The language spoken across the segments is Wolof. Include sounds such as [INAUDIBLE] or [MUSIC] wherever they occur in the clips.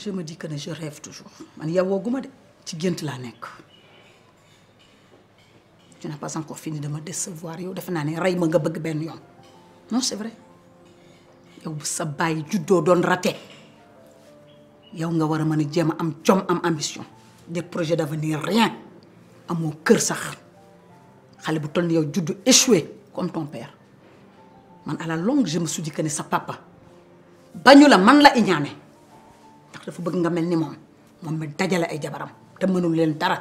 je me dis que ne je man yeewooguma de ci gént laa nekk. tu n'as pas encore fini de me yow defe naa ne rey ma nga bëgg benn yoon non bu sa bàyyi juddoo doon raté yow nga war a mën a jéem a am jom am ambition des projets d'avenir rien amoo kër sax xale bu toll ni yow juddu échoué comme ton père man à la longue je me suis dit que sa papa bañu la man la iñaane ndax dafa bëgg nga mel ni moom moom mi dajale ay jabaram te mënul leen dara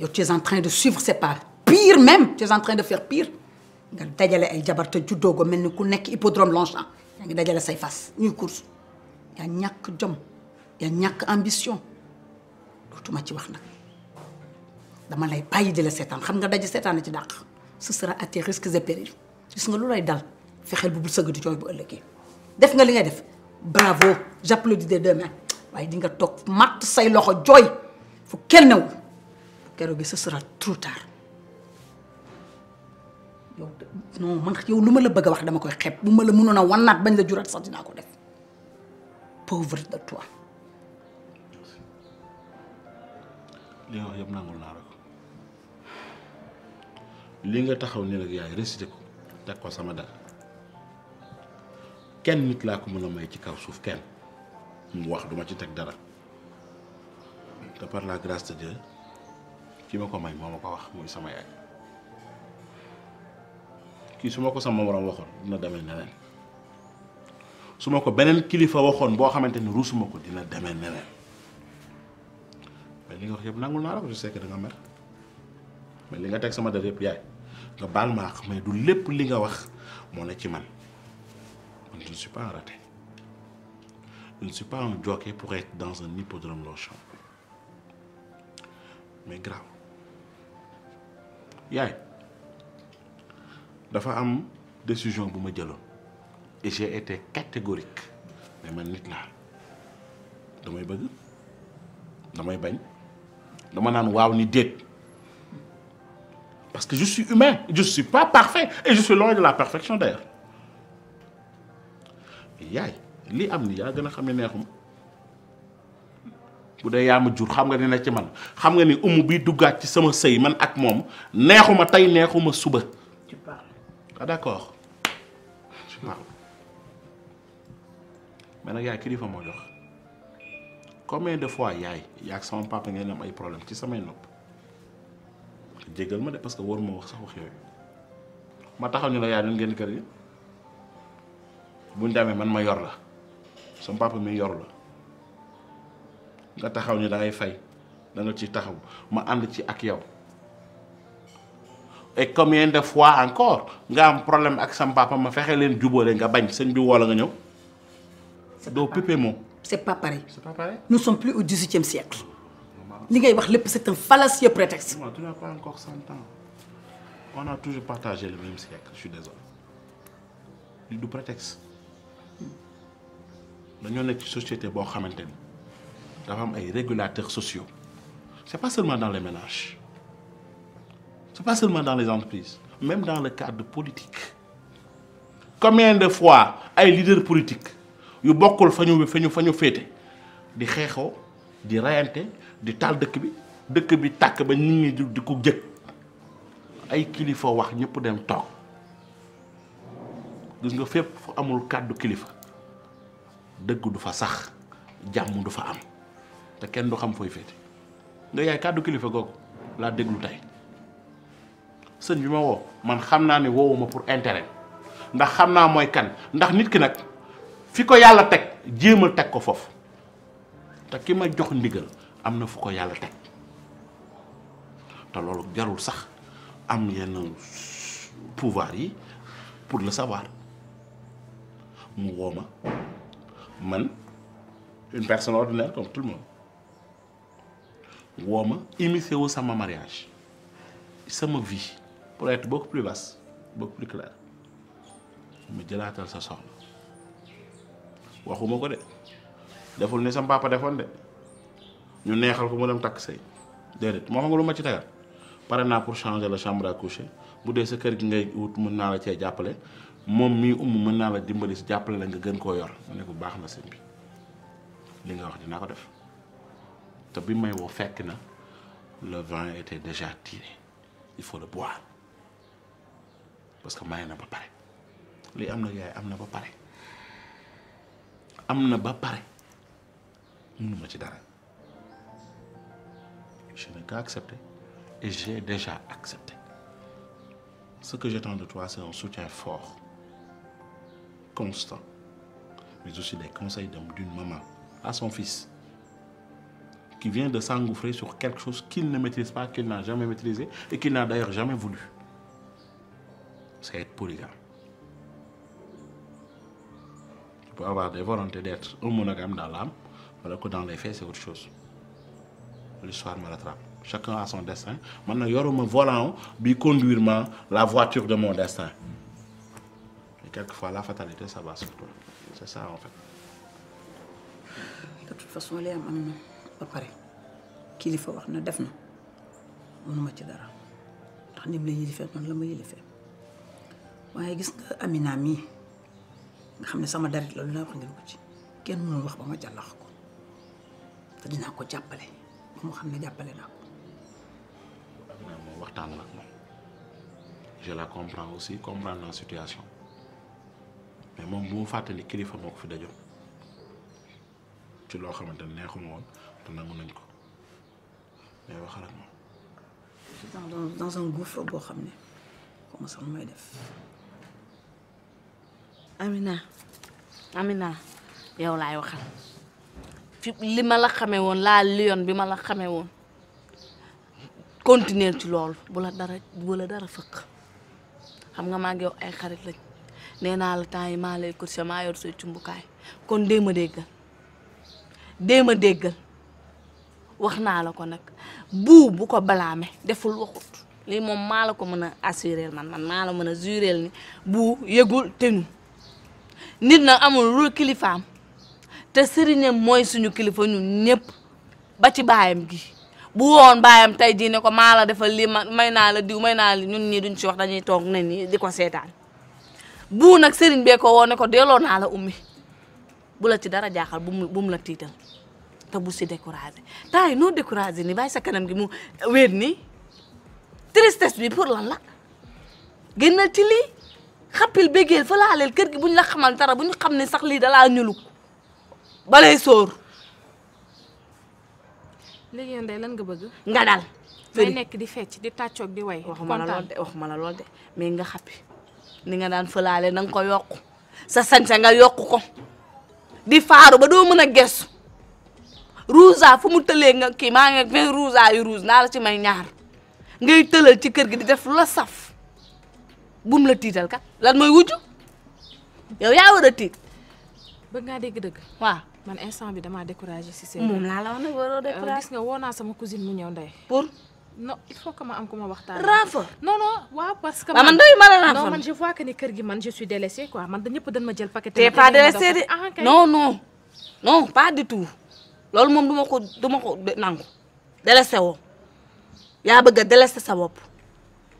yow tu es en train de suivre c'est pas pire même tu en train de faire pire nga dajale ay jabar te juddoo ko mel ni ku nekk hippodrome Longchamp yaa ngi dajale say fas ñuy course yaa ñàkk jom yaa ñàkk ambition dootuma ci wax nag dama lay bàyyi di la seetaan xam nga daj seetaan a ci dàq ce sera à tes risques et périls gis nga lu lay dal fexeel bu bul sëgg di jooy bu ëllëgee def nga li ngay def bravo j'applaudis des deux mains waaye dinga nga toog matt say loxo jooy fu kenn newul bu keroog gi ce sera trop tard yow non man yow lu ma la bëgg a wax dama koy xeeb bu ma la mënoon a wannaat bañ la juraat sax dinaa ko def pauvre de toi. li nga wax naa li nga taxaw ni nag yaay récité ko teg ko sama dal kenn nit laa ko mën a may ci kaw suuf kenn mu wax duma ci teg dara te par la grâce de Dieu ki ma ko may moo ma ko wax muy sama yaay kii su ma ko sama morom waxoon dina demee neneen su ma ko beneen kilifa waxoon boo xamante ni ruusuma ko dina demee neneen mais li nga wax yëpp nangul naa la ko je sais nga mer mais li nga teg sama der yëpp yaay nga baal ma mais du lépp li nga wax moo ne ci man Je ne suis pas un raté. Je ne suis pas un jockey pour être dans un hippodrome Longchamp. Mais grave. yaay dafa am décision bu ma jëloon et j'ai été catégorique mais man nit laa damay bëgg damay bañ dama naan waaw ni déet parce que je suis humain je suis pas parfait et je suis loin de la perfection d'ailleurs yaay li am ni yaa gën a xam ne neexuma bu dee yaa ma jur xam nga ne na ci man xam nga ni umu bi duggaat ci sama sëy man ak moom neexuma tey neexuma suba ah d'accord mais nag yaay kilifa moo jox combien de fois yaay yaa ak sama papa ngeen am ay problème ci samay nopp jéggal ma de parce que waruma wax sax wax yooyu ma taxaw la yaay ñun ngeen kër yi buñ demee man ma yor la sama papa mi yor la nga taxaw ni da ngay fay danga nga ci taxaw ma ànd ci ak yow et combien de fois encore nga am problème ak sama ma fexe leen jubóole nga bañ seen bi woola nga ñëw. doo pépé moom. c' pas pareil c' est pas pareil. nous sommes plus au dix-huitième siècle. li ngay wax lépp c' est un fallacieux prétexte. non tu n'as le même siècle je suis désolé du dañoo nekk ci société boo xamante ni dafa am ay régulateurs sociaux c'est pas seulement dans les ménages c'est pas seulement dans les entreprises même dans le cadre politique combien de fois ay leaders politique yu bokkul fa ñu fa ñu féete di xeexoo di rayante di taal dëkk bi dëkk bi tàkk ba nit ñi di ko jëkk ay kilifa wax ñëpp dem toog gis nga fépp fu amul kàddu kilifa dëgg du fa sax jàmm du fa am te kenn du xam fooy féete nga yaay kàddu kilifa googu laa déglu tey sëñ bi ma woo man xam naa ne woowuma pour intérêt ndax xam naa mooy kan ndax nit ki nag fi ko yàlla teg jéem a teg ko foofu te ki ma jox ndigal am na fu ko yàlla teg te loolu jarul sax am yenn pouvoir yi pour la savoir mu woo ma man une personne ordinaire comme tout le monde woo ma immiscé wu sama mariage sama vie pour être beaucoup plus vaste beaucoup plus clair mu jëlaatal sa soxna waxuma ko de deful ni sama papa defoon de ñu neexal ko mu dem takk sëy déedéet moo xam nga lu ma ci tegal pare naa pour changer la chambre à coucher bu dee sa kër gi ngay wut mën naa la cee jàppale moom mii umu mën naa la dimbali si jàppale la nga gën koo yor mu ne ko baax na sëñ bi li nga wax dinaa ko def te bi may woo fekk na le vin était déjà tiré il faut le boire parce que may na ba pare lii am na yaay am na ba pare am na ba pare mënuma ci dara je n'ai qu'à accepter et déjà accepté ce que j'attends de toi c'est un foofu constant, mais aussi des conseils d'une maman à son fils qui vient de s'engouffrer sur quelque chose qu'il ne maîtrise pas, qu'il n'a jamais maîtrisé et qu'il n'a d'ailleurs jamais voulu. C'est être polygame. Tu peux avoir des volontés d'être un monogame dans l'âme, alors que dans les faits, c'est autre chose. L'histoire me rattrape. Chacun a son destin. Maintenant, il y aura un volant qui la voiture de mon destin. quelquefois la fatalité ça va sur toi c'est ça en fait. de toute façon li am am na ba pare kilifa wax na def na mënuma ci dara ndax ni mu la yilifee noonu la ma yilifee waaye gis nga Amina mii nga xam ne sama darit la lu la wax ngeen ko ci kenn mënul wax ba ma jàllax ko te dinaa ko jàppale ba mu xam ne jàppale naa ko. Amina la ak moom aussi comprendre la situation. mais moom bu mu fàttali kilifa moo ko fi dajoon ci loo xamante ne neexuma woon te nangu nañ ko mais waxal ak dans dans un gouffre boo xam ne comme sax may def. Amina Amina yow laay waxal li ma la xamee woon laa lion bi ma la xamee woon continuer ci loolu bu la dara dara fëkk xam nga maa ngi yow ay xarit lañ. nee naa la temps yi maa lay course maa yor say cumbukaay kon dee ma déggal dee ma déggal wax naa la ko nag buu bu ko balaame deful waxut lii moom maa la ko mën a assuré man man maa la mën a juré ni buu yëgul tenu nit nag amul lu kilifaam te sëriñam mooy suñu kilifa ñun ñëpp ba ci baayam gi bu woon baayam tey jii ne ko maa la defal lii may naa la diw may naa la ñun ñii duñ ci wax dañuy toog ne nii di ko seetaan bu nag sëriñ bee ko woone ne ko delloo naa la ummi bu la ci dara jaaxal bu mu bu la tiital te bu si découragé temps yi noo découragé ni bàyyi sa kanam gi mu wéet nii tristesse bi pour la la génnal ci lii xappil béggeel fa laaleel kër gi bu ñu la xamal dara bu ñu xam ne sax lii dalaa ñuluk balay sóor léegi yow Ndeye nga bëgg nga dal may nekk di fecc di tàccoog di way waxuma la lool de waxuma la nga xappi ni nga daan fëlaale na ko yokk sa sañsa nga yokk ko di faaru ba doo mën a gestu rouge fu mu tëlee nga kii maa ngi ak vingt yu rouge naa la ci may ñaar ngay tëlal ci kër gi di def lu la saf bum la tiital kat lan mooy wujju yow yaa war a tiit. bëgg ngaa dégg dëgg. waaw man instant bi damaa découragé si seen. moom laa la wax nag waroo euh, découragé nga woo naa sama cousine mu ñëw ndey non il faut am ku ma waxtaan. renfort non non waa parce que. man doy ma la renfort non man que ni kër gi man je suis délaissée quoi man dañ ñëpp dañ ma jël paquet. te pas délaissée de ah, non non non pas du tout loolu moom du ma ko du ma ko nangu délaissé woo yaa bëgg a délaissé sa bopp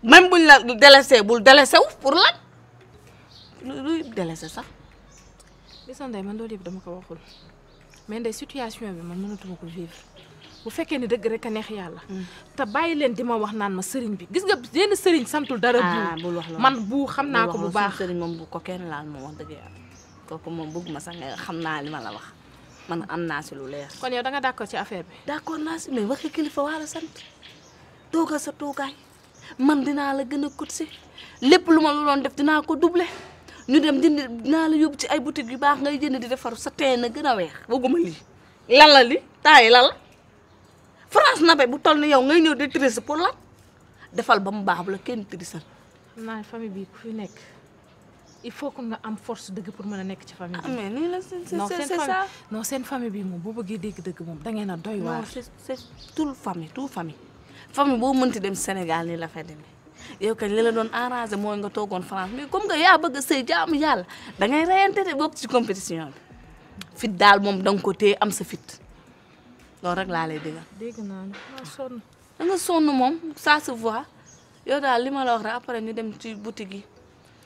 même buñ la délaissé bul délaissé wu pour lan luy délaissé sax. gis nga man loolu dama ko waxul mais Ndeye situation bi man mënatuma ko bu fekkee ni dëgg rek a neex yàlla. Mm. te bàyyi leen di ma wax naan ma sëriñ bi gis nga yenn sëriñ santul dara. Ah, bul wax man bu xam naa ko bu baax sëriñ moom bu ko kenn laal moom wax dëgg yàlla kooku moom bëgguma sax nga xam naa li ma la wax man am naa si lu leer. kon yow da nga d'accord ci affaire bi. d'accord naa si mais waxi kilifa waa la sant toogal sa toogaay man dinaa la gën a kut lépp lu ma la doon def dinaa ko duble ñu dem jëndi dinaa la yóbbu ci ay boutique yu baax ngay jënd di defaru sa teen na gën a weex bëgguma lii lan la li taay lan la France nabe bu toll ni yow ngay ñëw di triste pour lan defal ba mu baax la kenn trisal. naa famille bi ku fi nekk il faut que nga am force dëgg pour mën a nekk ci famille bi. Ah, mais nii la c'est ça non seen famille bi moom boo bëggee dégg-dëgg moom da ngeen a doy waar. non c'est c'est tout famille tout boo mënti dem Sénégal nii la fay demee yow kañ li la doon arrangé mooy nga toogoon France mais comme que yaa bëgg a sëy jaamu yàlla da ngay reyante de ci compétition fit daal moom da nga ko téye am sa fit. loolu rek laa lay déggal. dégg naa nga sonn. da sonn moom ça se voit yow daal li ma la wax rek après ñu dem ci boutique yi.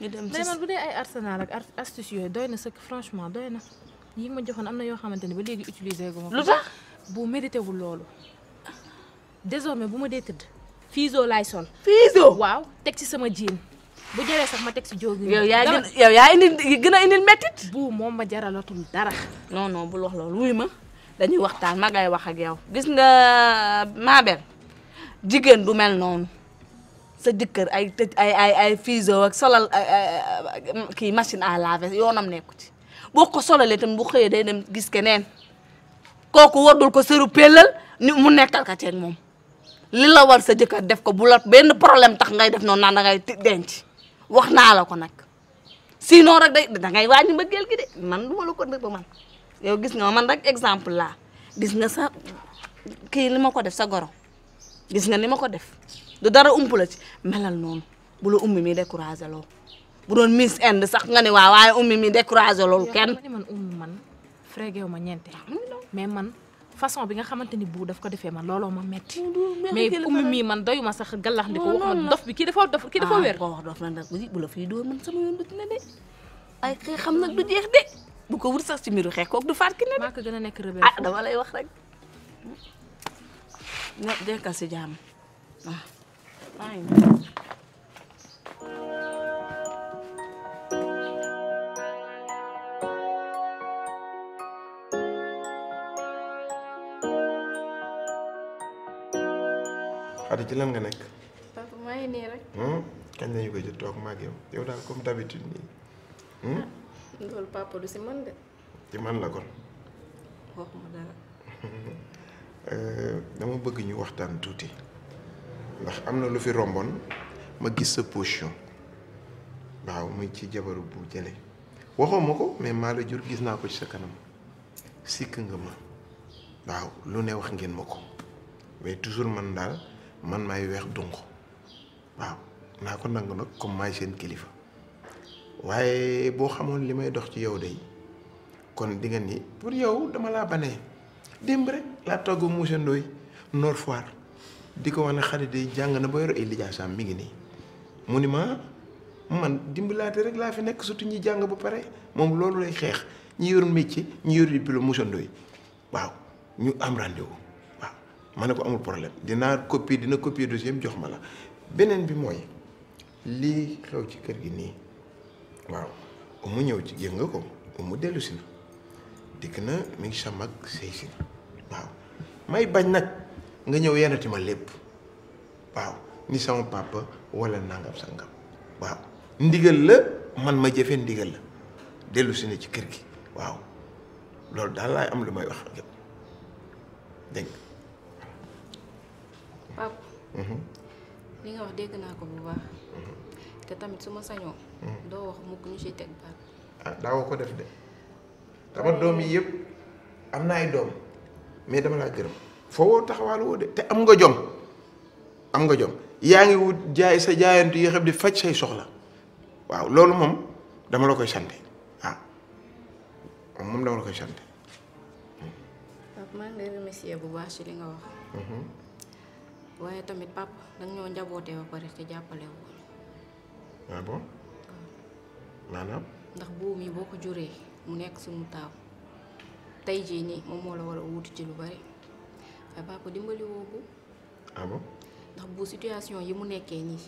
ñu dem ci man bu dee ay arsenal ak astuce yooyu na sëkk franchement doy na yi ma joxoon am na yoo xamante ni ba léegi utiliser gu ma. lu tax bu mérité loolu. désormais bu ma dee tëdd. fiso laay sol. fiso waaw teg ci sama jiin. bu jëree sax ma teg si jóg. yow yaa gën yow yaa indil gën a indil méttit. bu moom ma jaralatul dara. non non bul wax loolu wuy ma. dañuy waxtaan ma ngay wax ak yow gis nga Mabel jigéen du mel noonu sa jëkkër ay tëj ay ay ay fiso ak solal kii machine à laver yoonam nekku ci boo ko solalee tamit bu xëyee day dem gis keneen kooku waddul ko sëru pellal mu nekkal ka ceeg moom li la war sa jëkkër def ko bu la benn problème tax ngay def noon naan da ngay denc wax naa la ko nag sinon rek day dangay wàññi gel gi de man duma la ko dëgg ba man yow gis nga man rek exemple laa gis nga sa kii li ma ko def sa goro gis nga ni ma ko def du dara ump la ci melal noonu bu la ummi mi découragé loolu bu doon Miss Inde sax nga ne waaw waaye ummi mi découragé loolu kenn. man ummi man frégew ma ñeente mais man. façon bi nga xamante ni bu daf ko defee man looloo ma metti mais mii man doyuma sax gàllax ndi ko wax dof bi kii dafa dof kii dafa ah, wér. ko wax dof la ndax bu la fiy dóor man sama yoon du ci de ay xëy xam nag du jeex de. bu ko wut sax ci mbiru xeex kooku du faat ki ko nekk ah, dama lay wax rek ño dekkal si jàmm waaw ah. maa ci lan nga nekk. papa maa ngi nii rek. Hmm? toog ma yow daal comme d'habitude nii. Hmm? Ah. loolu papa du si man de. ci man la kon. waxuma dara. [LAUGHS] Euh, dama bëgg ñu waxtaan tuuti ndax am na lu fi romboon ma gis sa position waaw mu ci jabaru bu jële waxoo ma ko mais maa la jur gis naa ko ci sa kanam sikk nga ma waaw lu ne wax ngeen ma ko mais toujours man daal man may weex dunq waaw naa ko nangu nag comme maay seen kilifa. waaye boo xamoon li may dox ci yow day kon di nga ni pour yow dama laa banee démb rek laa togg monsieur Ndoye Foire di ko wax ne xarit day jàng na ba yor ay lijaasam mi ngi nii mu ni ma man dimbalaate rek laa fi nekk surtout ñi jàng ba pare moom loolu lay xeex ñi yor métier ñi yor diplôme monsieur Ndoye waaw ñu am rendez waaw ma ne ko amul problème dinaa copier dina copier dossier jox ma la beneen bi mooy lii xew ci kër gi nii waaw mu ñëw ci yëg nga ko mu dellu na dikk na mi ngi sa ak sëy si na waaw may bañ nag nga ñëw yenati ma lépp waaw ni sama papa walla nangam sangam waaw ndigal la man ma jëfee ndigal la dellu si na ci kër gi waaw loolu daal laay am lu may wax dégg nga mhm. li nga wax dégg naa ko bu baax mhm. te tamit su ma sañoo. Mm-hmm. doo wax mukk ñu ciy teg baat. Ah, daawoo ko def de dama doom yi yëpp am na ay doom mais dama laa gërëm foo taxawaalu woo de te am nga jom am nga jom yaa ngi wut jaay sa jaayantu yoo xam di faj say soxla waaw loolu moom dama la koy sant ah moom dama la koy sant. maa ngi lay bu baax ci li nga wax. Mm-hmm. waaye tamit papa danga ñoo njabootee ba pare te jàppale ah bon ndax buum yi boo ko juree mu nekk suñu taaw tey jii nii moom moo la war a wuuti ci lu bari waaye papa dimbali woo ah ndax bu situation yi mu nekkee nii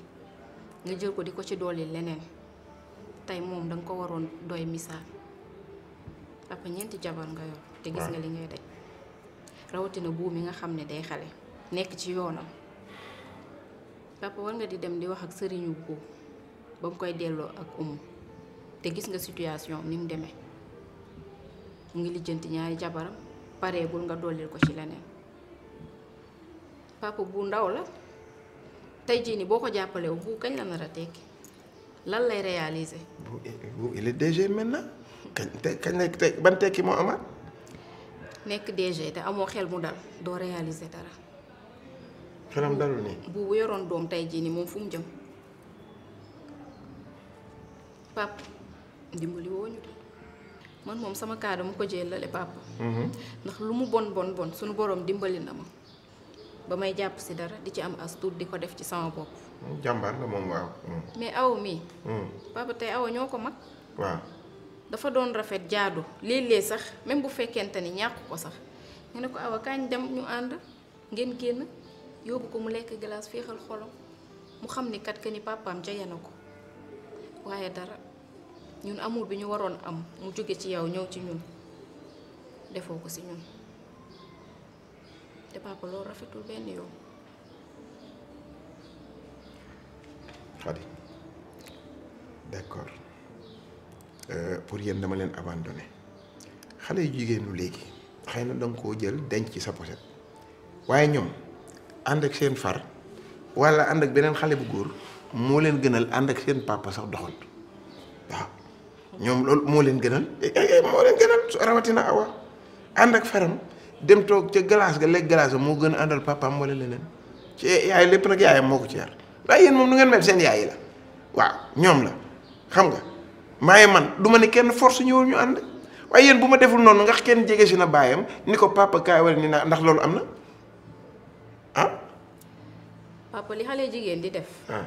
nga jël ko di ko ci dolli leneen tey moom danga ko waroon doy misaal papa ñeenti jabar nga yor. te gis nga li ngay daj. rawatina buum yi nga xam ne day xale. nekk ci yoonam papa war nga di dem di wax ak sëriñu buum. ba mu koy delloo ak umu te gis nga situation ni mu demee mu ngi lijjanti ñaari jabaram pareegul nga dollil ko ci leneen papa bu ndaw la tey jii ni boo ko jàppalee bu kañ la nar a tekki lan lay réaliser. bu il est DG maintenant kañ te kañ tey ban tekki moo amaat. nekk DG te amoo xel mu dal doo réaliser dara. xelam dalul nii. bu yoroon doom tey jii nii moom fu mu jëm. pap dimbali woo ñu man moom sama kaa dama ko jëlale pap mhm. ndax lu mu bon bon bon suñu boroom dimbali na ma ba may jàpp si dara di ci am as di ko def ci sama bopp. jàmbaar nga moom waaw. Mhm. mais aw mii. Mhm. papa tey awa ñoo ko mag. waaw. dafa doon rafet jaadu léeg sax même bu fekkente ni ñàkk ko sax nga ne ko awa kañ dem ñu ànd ngeen génn yóbbu ko mu lekk glace féexal xolam mu xam ni kat que ni papaam jege na ko waaye dara. ñun amour bi ñu waroon am mu jóge ci yow ñëw ci ñun defoo ko si ñun te papa loolu rafetul benn yoon. Khady d'accord euh, pour yéen dama leen abandonné xale yu jigéenu léegi xëy na danga koo jël denc ci sa poset waaye ñoom ànd ak seen far walla ànd ak beneen xale bu góor moo leen gënal ànd ak seen papa sax doxal. ñoom loolu moo leen gënal eh, eh, eh, moo leen gënal su rawatina awa ànd ak faram dem toog ca glace ga lekk glace moo gën a àndal papaam wala leneen ci yaay lépp nag yaayam moo ko ci yar waaye yéen moom nu ngeen mel seen yaay la waaw ñoom la xam nga maaye man du ma ne kenn force ñëwul ñu ànd waaye yéen bu ma deful noonu nga kenn jege si na baayam ni ko papa kaay wala ni naa ndax loolu am na ah. papa li xale jigéen di def. Ah.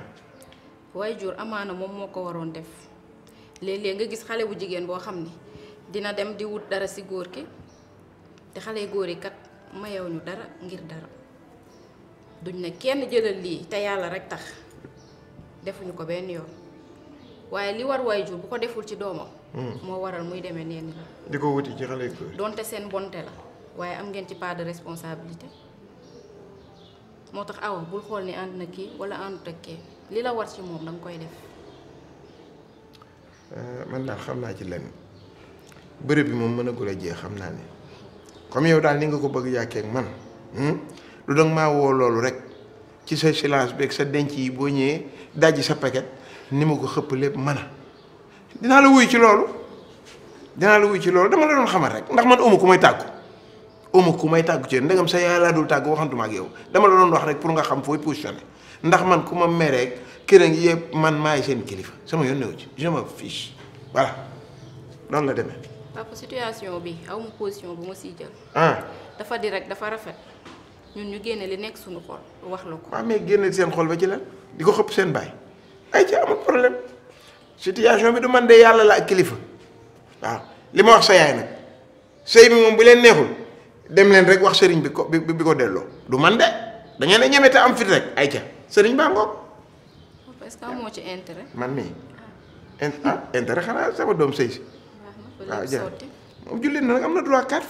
waaye jur amaana moom moo ko waroon def. léeg nga gis xale bu jigéen boo xam ni dina dem di wut dara ci góor ki te xale góor yi kat mayew ñu dara ngir dara duñ ne kenn jëlal lii te yàlla rek tax defuñu ko benn yoon waaye li war waajur bu ko deful ci doomam. Hmm. moo waral muy demee neen la. di ko wuti ci xale góor donte seen bonte la waaye am ngeen ci part de responsabilité moo tax aw bul xool ni ànd na kii wala àndut ak li la war ci moom danga koy def. Eh, man daal xam naa ci lenn bërëb bi moom mën a gula jee xam naa ni comme yow daal ni nga ko bëgg yàkkeek man hmm? lu danga maa woo loolu rek ci sa silence beeg sa denc yi boo ñëwee dajji sa paquet ni ma ko xëpp lépp mën a dinaa la wuy ci loolu dinaa la wuy ci loolu dama la doon xamal rek ndax man umu ku may tàggu umu ku may tàggu ci ndegam sa yaay laa tàgg tàggu waxantuma ak yow dama la doon wax rek pour nga xam fooy positionné ndax man ku ma mereeg kër ngi yëpp man maay seen kilifa sama yoon newu ci je me fiche voilà noonu la demee. papa situation bi aw ma position bu ma siy jël. Ah. dafa di dafa rafet ñun ñu génne li nekk suñu xol wax la ko. waaw mais génne seen xol ba ci lan di ko xëpp seen baay ay ci amul problème situation bi du man de yàlla la ak kilifa waaw li ma wax sa yaay nag sëy bi moom bu leen neexul. dem leen rek wax sëriñ bi ko bi ko delloo du man de da ngeen a ay sëriñ baa ngoog. ci intérêt. man mii ah. ah, intérêt xanaa sama doom sëy si. Ah, moom jullit na nag am na droit quatre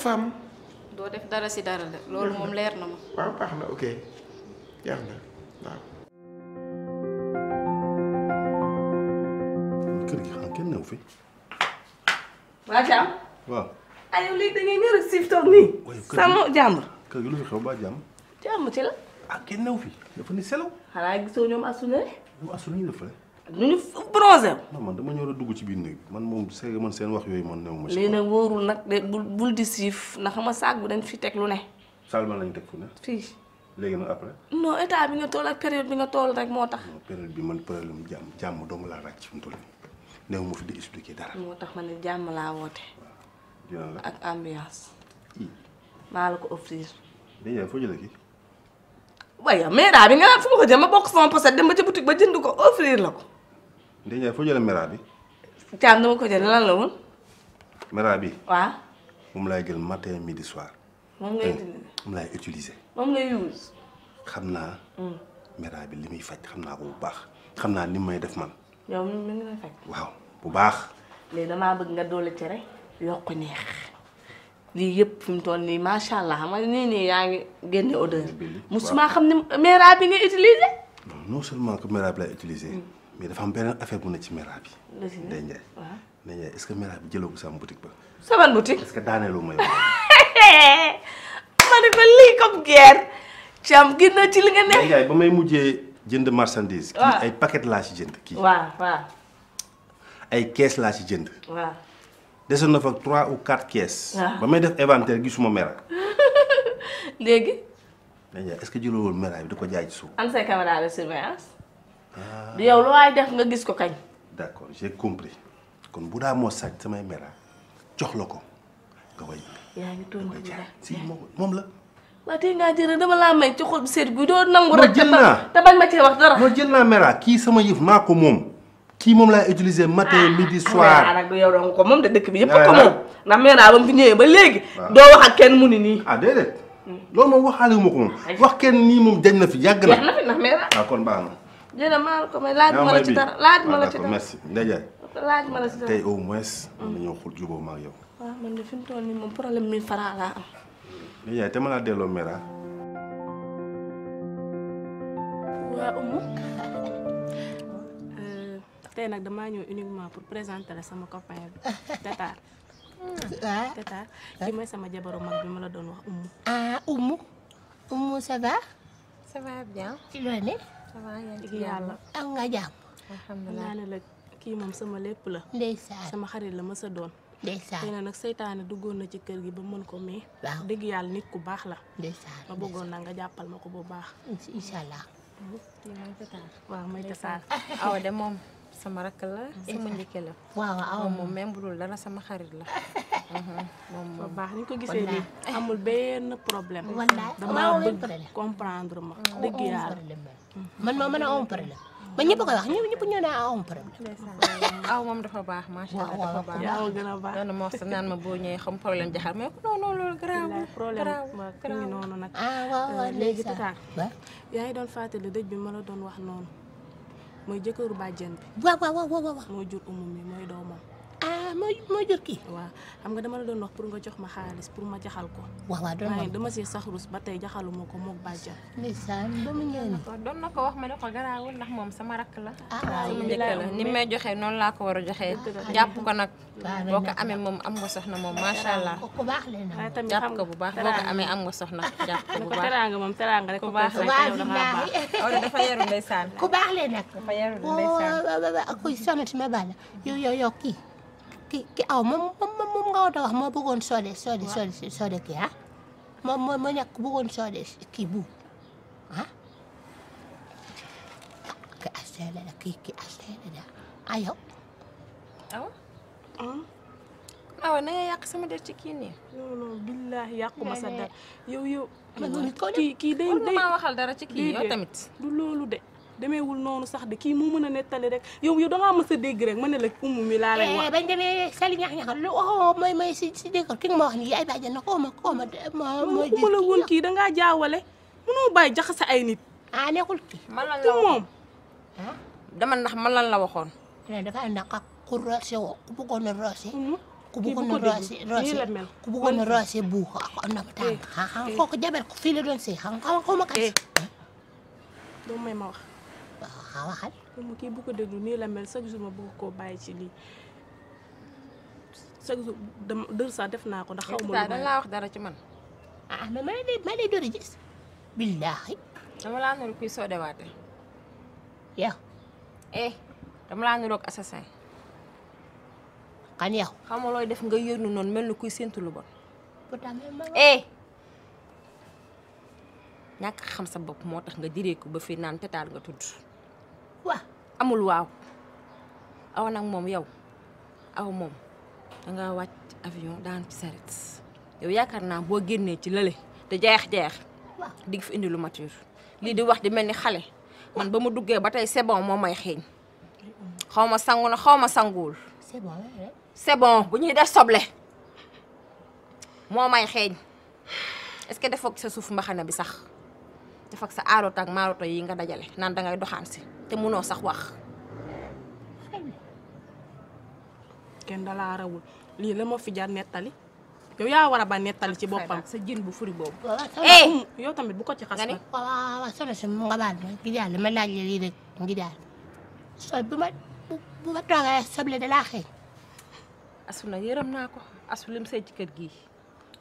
doo def dara si dara de loolu moom leer na ma. waaw baax na ok jeex na kenn newu fi. waa Thiam. waaw. ci la. ah kenn newu fi dafa ni selaw. xanaa gisoo ñoom assuñu ñoom assuñu ñu def fële. ñu ñu bronzé. non man dama ñor a dugg ci biir néeg man moom sëñ man seen wax yooyu man. néew ma si lii nag wóorul di ndax ma saag bi fi teg lu ne. ma lañ teg fu ne. fii. léegi nag après. non état bi nga tool ak période bi nga tool rek moo tax. période bi man problème jàmm jàmm dong laa ràcc fi mu toll nii néew ma fi di expliquer dara. moo tax ma ne jàmm laa woote. ak ambiance. maa la ko offrir. déjà foo jëlee kii. waaye mera bi nga naan fu ma ko jël ca boutique ba jënd ko offrir la ko. Ndeye bi. Thiam dama ko jël la woon. mera bi. waaw. moom laay jël matin midi soir. moom ngay dindi moom laay utiliser. use. xam naa. mera hmm. bi li muy faj xam naa ko bu baax xam naa ni may def man. yow mi waaw bu baax. léegi damaa bëgg nga doole cere yokk neex. lii yëpp fi mu toll nii macha allah xam nga nii nii yaa ngi génne odeur. musuma xam ne mera bi nga utilisé. non seulement que mera bi lay utilisé. Mm. mais dafa am beneen affaire bu ne ci mera bi. Ndeye Ndiaye Ndeye Ndiaye est-ce que mera bi jëloo ko sama boutique ba. sama boutique est-ce que daaneelu ma yow. [LAUGHS] ma ne ko lii comme guerre. cam gis na ci li nga ne. Ndeye Ndiaye ba may mujjee jënd marchandise. kii ay paquet laa ci jënd kii. waaw waaw. ay kees laa ci jënd. waaw. desoon na fa trois ou quatre pièces. Ah. ba may def inventaire gisuma mera. léegi. [LAUGHS] mais est-ce que jëloo woon mera bi di ko jaay ci suuf. am say caméra de surveillance. du ah. yow lu waay def nga gis ko kañ. d'accord j'ai compris kon bu daa moo sàcc samay mera jox la ko nga koy. yaa si moom moom la. waaw tey ngaa dama laa may ci xol seet bi doo nangu rek. te bañ ma ci wax dara. non jël naa mera kii sama yëf maa ko moom. kii moom laay utiliser matin ah, midi soir ah nag yow doon ko moom de dëkk bi yëpp ko moom ndax meeraa ba mu fi ñëwee ba léegi kenn mu ni nii ah déedéet hmm. loolu moom waxaale wu ma ko moom wax kenn nii moom jañ na fi yàgg na fi ah, na jërëjëf maa ko may la ci dara laaj ma la ci dara merci Ndeye laaj ma hmm. nañoo xul jubóo ma ak man de mu toll nii moom problème mille francs laa am Ndeye te ma laa delloo meeraa ah. waa Oumou tey nag damaa ñëw uniquement pour présenter la sama copain bi [LAUGHS] Tata. waaw ah. Tata mooy sama jabaru mag bi ma la doon wax Oumou. ah Oumou. Oumou ça va. ça va yàlla am nga jàmm. naa ne la kii moom sama lépp la. ndeysaan sama xarit la ma sa doon. ndeysaan xëy na nag seytaane duggoon na ci kër gi ba mën ko mais. waaw yàlla nit ku baax la. ndeysaan ma bëggoon na nga jàppal ma ko bu baax. incha allah. kii mooy Tata. waaw mooy Tata awa de moom. sama rakk la sama njëkke la waaw waaw moom même bu sama xarit la [LAUGHS] moom moom baax ni ko gisee amul benn problème dama bëgg comprendre ma mm. dëgg yàlla man moo mën a am problème man ñëpp koy wax ñëpp ñëpp ñoo naa am problème aw moom dafa baax macha allah dafa baax yaa gën a baax doon moo sa naan ma boo ñëwee xam problème jaxal ma non non loolu grave problème ma ngi noonu nag ah euh, léegi tata yaa ngi doon fàttali dëj bi ma la doon wax noonu mooy jëkkëru bàjjen bi. waaw waaw waaw waaw. moo jur umu mi mooy doomam. ah mooy mooy jur kii waaw xam nga dama la doon wax pour nga jox ma xaalis pour ma jaxal ko waaw waaw doon dama see sax rus ba tey jaxalu ma ko moog bàjjal ndeysaan dama ñëw na ko doon na ma ne ko garaawul moom sama rakk la ah, sama ni may joxee noonu laa ko war a joxee ah, jàpp ko nag ah, boo ko amee moom am nga soxna moom macha allah ku baax nag bu baax boo ko amee am nga soxna [LAUGHS] jàpp ko bu baax teraanga moom teraanga rek ku baax la dafa yaru ndeysaan ku baax oh, la nag dafa yaru ndeysaan ak kuy ki ki aw moom moom moom nga woon a wax moo bëggoon soode soode soode soode kii ah moom moo moo nekk bëggoon soode kii bu ah ki aseele la kii ki aseele la ah yow. awa. na nga yàq sama der ci kii nii. non non billahi yàqu ma sa der yow yow. kii kii day day maa waxal dara ci kii yow tamit. du demeewul noonu sax de kii moo mën a nettali rek yow yow da ngaa mës a dégg rek ma ne la umu mi laa lay wax. Eh, bañ demee Sali ñax oh, ay bàjjen na kii da ngaa jaawale munoo bàyyi jaxase ay nit. ah nekkul man la dama ndax man la waxoon. dafa am ndax ku roose ku bëggoon a roose. ku bëggoon a ah, ah, ah, eh, eh. fii waaw waxal. moom bu ko déglu la mel chaque jour ma koo bàyyi ci lii chaque jour def naa ko ndax. xaw laa wax dara ci man. ah mais ma lay a gis. billaahi. dama laa nuru kuy soodewaate. yow. eh looy def nga yónnu noonu mel ni kuy séntu lu bon. pourtant eh! ñàkk xam sa bopp moo tax nga diree ko ba fii naan tetaal nga tudd. amul waaw aw nag moom yow aw moom danga wàcc avion daan ci saret yow yaakaar naa boo génnee ci lële te jeex-jeex di fi indi lu mature lii di wax di mel ni xale man ba mu duggee ba tey c'est bon moo may xeeñ xaw ma sangu na xaw ma sanguwul c'est bu ñuy def soble moo may xeeñ est-ce que defoo sa suuf mbaxane bi sax defak sa aaroot ak maaroto yi nga dajale naan dangay doxaan si te munoo sax wax. kenn dalaa rawul lii la ma fi jar nettali yow yaa nettali ci boppam sa jën bu furi boobu. eh mm, yow tamit bu ko ci xas. nga ne waaw mu ngi daal ma laaj la na yërëm naa ko asu lim say ci kër gii.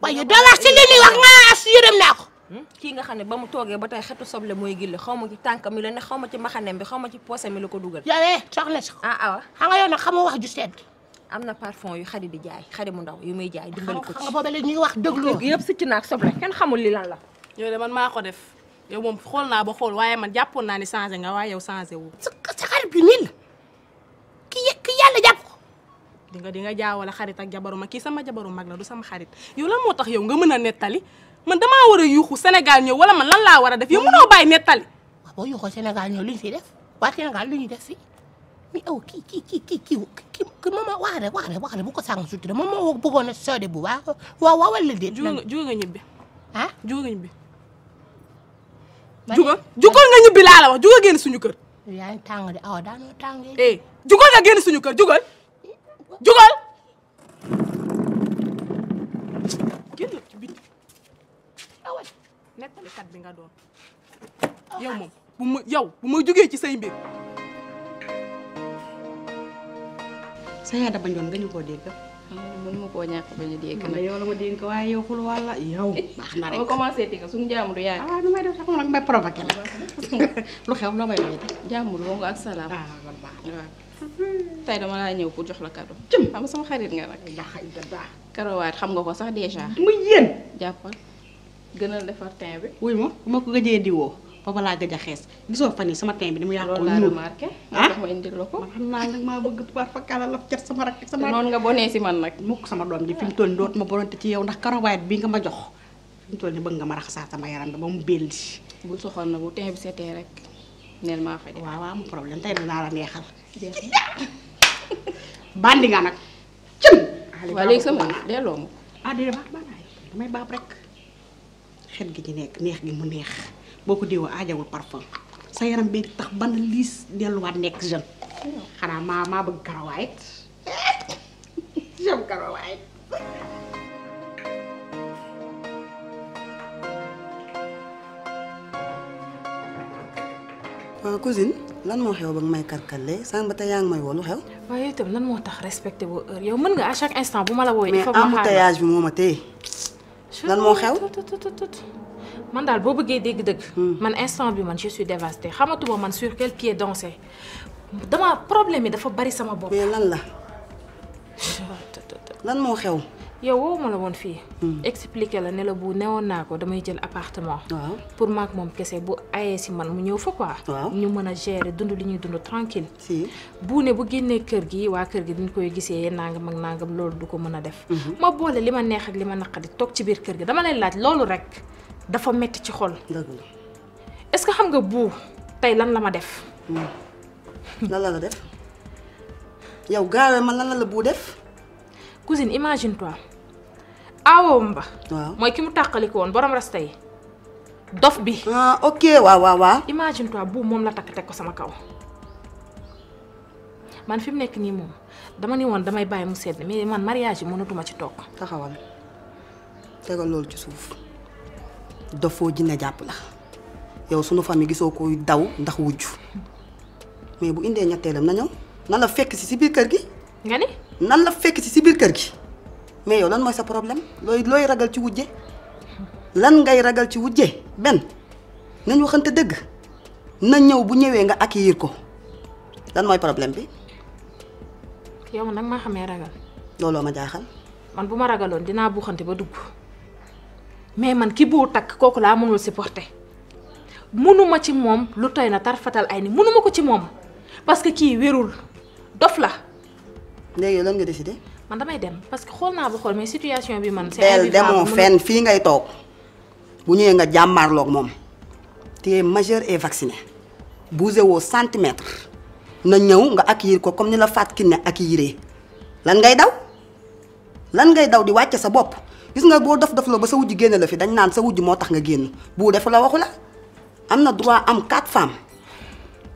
waaye doo wax si li muy wax nga asu kii nga xam ne ba mu toogee ba tey xetu soble mooy gille xaw ma ci tànk mi la ne xaw ma ci maxanem bi xaw ma ci poose mi la ko dugal. yowee eh, soxla sax. ah, ah awa xam nga yow nag xamoo wax ju sedd. am na parfum yu xadi di jaay xadi mu ndaw yu muy jaay dimbali ko ci. xam nga ñuy wax déglu. yëpp sëcc na ak soble li lan la. yow man maa ko def yow moom xool naa ba xool waaye man jàppoon naa ne changé nga waaye yow changé wu. sa sa xarit bi nii la ki ki yàlla jàpp ko. di nga di nga jaawale xarit ak jabaru mag kii sama jabaru mag la du sama xarit yow la moo tax yow nga mën a nettali man damaa war a yuuxu Sénégal ñëw wala ma lan laa war a def yow mënoo bàyyi nettali. waaw boo yuuxoo Sénégal ñëw lu ñu fi def waa Sénégal lu ñu def fi mi aw kii kii kii kii kii kii moom waare waare waare bu ko sàng sutura moom moo a soode bu baax waaw waaw wala déet. juuga juuga ñibbi. ah juuga nga ñibbi laa la wax jugal génn suñu kër. yaa ngi tàng de awa eh, nga génn suñu kër dawal bi nga doon yow moom bu ma yow bu ma jógee ci say mbir sa yaada bañoon nga ñu koo dégg mënuma koo ñàkk dégg nag yow la ma dénk waaye yow xul wàlla yow baax na rek nag ah, [LAUGHS] lu xew loo may may jaamu du wongo ak salaam ah, tey dama laa ñëw pour jox la cadeau jëm xam sama xarit nga nag karawaat xam nga ko sax déjà mu yéen jàppal gënal defar teint bi. wuy ma bu ma ko gëjee diwoo ba balaa gëj a xees gisoo fan yi sama teint bi ni mu yàqu. loolu laa ah? ma indil la ko. man xam naa nag sama rak nga bonee si man nag. sama doom ji fi mu toll dootuma bonante ci yow ndax karawaayit bi nga ma jox ma raxasaat sama yaram bi ba mu belli. bul soxal na bu teint bi setee rek neel maa fay. waaw waaw mu problème tey dinaa la neexal. [LAUGHS] bandi nga nag cën. waa léegi sama delloo ah, damay baab rek xet gi ci nekk neex gi mu neex boo ko diwoo aajawul parfum sa yaram bi tax ban liis delluwaat nekk jeune xanaa maa maa bëgg karawaay jëm karawaay euh, yaa ngi may woo xew. waaye itam lan moo tax respecté boo heure yow mën nga à chaque instant bu ma la wooyee. il faut ma xaar mais embouteillage bi moo ma téye. lan moo xew man daal boo bëggee dégg-dëgg. Hmm. man instant bi man je suis dévastée xamatuma man sur quel pied danser dama problème yi dafa bari sama bopp. lan la. lan moo xew. yow woowuma la woon fii. Hmm. expliqué la ne la bu newoon naa ko damay jël appartement. waaw pour maak moom kese bu ayee si man mu ñëw fa quoi. waaw ñu mën a gérer dund li ñuy dund tranquille si bu ne bu génnee kër gi waa kër gi dañ koy gisee nangam ak nangam loolu du ko mën a def. Hmm. ma boole li ma neex ak li ma naqadi toog ci biir kër gi dama lay laaj loolu rek dafa metti ci xol. est-ce que xam nga bu tey lan la ma def. Hmm. lan la la def yow gaawee ma lan la bu def. cousine imagine aawam ba. mooy ki mu tàqaliku woon borom rasta yi dof bi. ah ok waaw waaw waaw. imagine toi bu moom la takk teg ko sama kaw man fi mu nekk nii moom dama ni woon damay bàyyi mu sedd mais man mariage yi mënatuma ci toog. taxawal tegal loolu ci suuf foo jinne jàpp la yow sunu famille gisoo koy daw ndax wujj mais bu indee ñetteelam na ñëw nan fekk si si biir kër gi. nga ni nan la fekk ci si biir kër gi. mais yow lan mooy sa problème looy looy ragal ci wujje lan ngay ragal ci wujje benn nañ waxante dëgg na ñëw bu ñëwee nga accueillir ko lan mooy problème bi. yow nag maa xamee ragal. looloo ma jaaxal. man bu ma ragaloon dinaa buuxante ba dugg mais man ki boo takk kooku laa mënul supporter mënuma ci moom lu toy na tarfatal ay ni mënuma ko ci moom parce que kii wérul dof la. léegi lan nga décidé. man damay dem parce que xool naa ba xool mais situation bi man. teel demoo fenn fii ngay toog bu ñëwee nga jàmmaarloog moom tu es majeur et vacciné bougé woo centimètre na ñëw nga ak accueillir ko comme ni la Fatou ak accueillir lan ngay daw lan ngay daw di wàcce sa bopp gis nga boo def def la ba sa wujj génne la fi dañ naan sa wujj moo tax nga génn bu defu la waxu la am na droit am quatre femmes.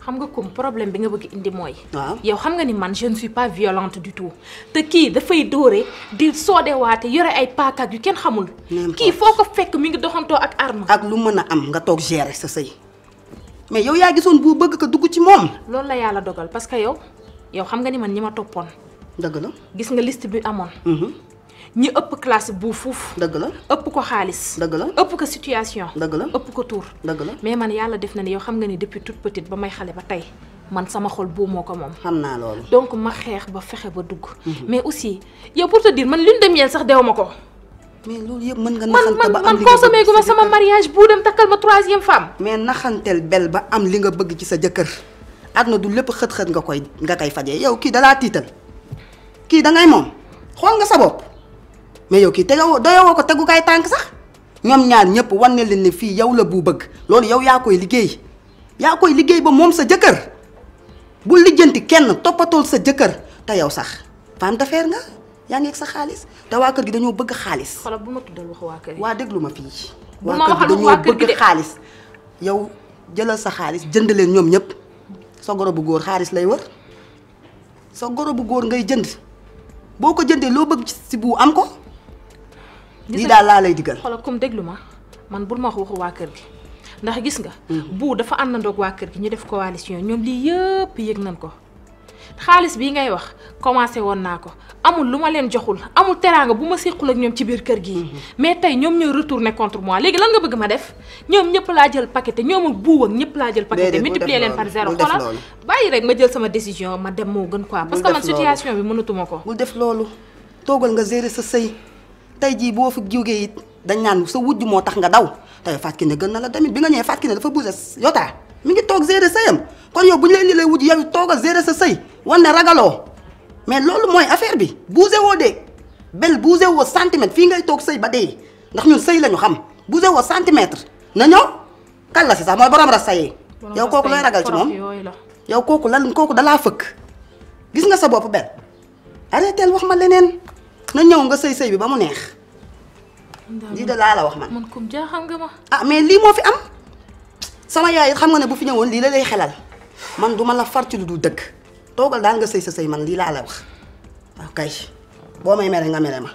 xam nga comme problème bi nga bëgg indi mooy. waaw yow xam nga ni man je ne suis pas violente du tout te kii dafay dóore di soodewaate yore ay paakaak yu kenn xamul. kii foo ko fekk mi ngi doxantoo ak arme. ak lu mën a am nga toog gérer sa sëy mais yow yaa gisoon bu bëgg ko dugg ci moom. loolu la yàlla dogal parce que yow yow xam nga ni man ñi ma toppoon. dëgg la gis nga list bi amoon. Mhm. ñi ëpp classe bu fuuf. dëgg la ëpp ko xaalis. dëgg la ëpp ko situation. dëgg la ëpp ko tuur. dëgg la mais man yàlla def na ne yow xam nga ni depuis toute petite ba may xale ba tey man sama xol bu moo ko moom. xam naa loolu. donc ma xeex ba fexe ba dugg. Mhm. mais aussi yow pour te dire man lune dem miel sax dew ma ko. mais loolu yëpp mën nga naxante ba am li nga bëgg man man consommé gu ma sama mariage bu dem takkal ma troisième femme. ba am li nga bëgg ci sa jëkkër. na du lépp xët-xët nga koy nga koy fajee yow kii dalaa tiital kii dangay moom xool nga sa bopp mais yow kii tegawoo doyawoo ko tegu tegukaay tànk sax ñoom ñaar ñëpp war na leen ne fii yow la bu bëgg loolu yow yaa koy liggéey yaa koy liggéey ba moom sa jëkkër bu lijjanti kenn toppatool sa jëkkër te yow sax femme d'affaires nga yaa ngi ak sa xaalis te waa kër gi dañoo bëgg xaalis. xoolal bu ma tuddal wax waa déglu ma fii. bu ma waxal waa kër yow jëlal sa xaalis jënd leen ñoom ñëpp sa goro bu góor xaalis lay wër sa goro bu góor ngay jënd boo ko jëndee loo bëgg si bu am ko lii daal laa lay digal. xoolal comme déglu ma man bul ma wax waxu waa kër gi ndax gis nga. Hmm. buu dafa àndandoog waa kër gi ñu def coalition ñoom lii yëpp yëg nañ ko. xaalis bii ngay wax commencé woon naa ko amul lu ma leen joxul amul teraanga bu ma séqul ak ñoom ci biir kër gi hmm. mais tey ñoom ñoo retourné contre moi léegi lan nga bëgg ma def ñoom ñëpp laa jël paquet ñoom ak buuw ak ñëpp laa jël paquet multiplier leen par zéro xoolal bàyyi rek ma jël sama décision ma dem moo gën quoi parce que man situation bi mënatuma ko bul def loolu toogal nga gérer sa sëy tey jii boo fi gee it dañ naan sa wujj moo tax nga daw tey Fatou ne gën na la tamit bi nga ñëwee Fatou Kiné dafa bougé yotaa mi ngi toog gérer sëyam kon yow bu ñu lay indi lay wujj yow toogal gérer sa sëy wan ne ragaloo mais loolu mooy affaire bi bougé woo de bel bougé woo centimètre fii ngay toog sëy ba dee ndax ñun sëy la ñu xam bougé woo centimètre na ñëw kan si sax mooy borom ra sayee yow kooku looy ragal ci moom yow kooku la kooku dalaa fëkk gis nga sa bopp bel arrêté wax ma leneen na ñëw nga sëy sëy bi ba mu neex. lii de laa la wax man. man kum jaaxal nga ma. ah mais lii moo fi am sama yaay xam nga ne bu fi ñëwoon lii la lay xelal man du ma la far ci lu dul dëgg toogal daal nga sëy sa sëy man lii laa la wax waaw kay boo may mere nga mere ma.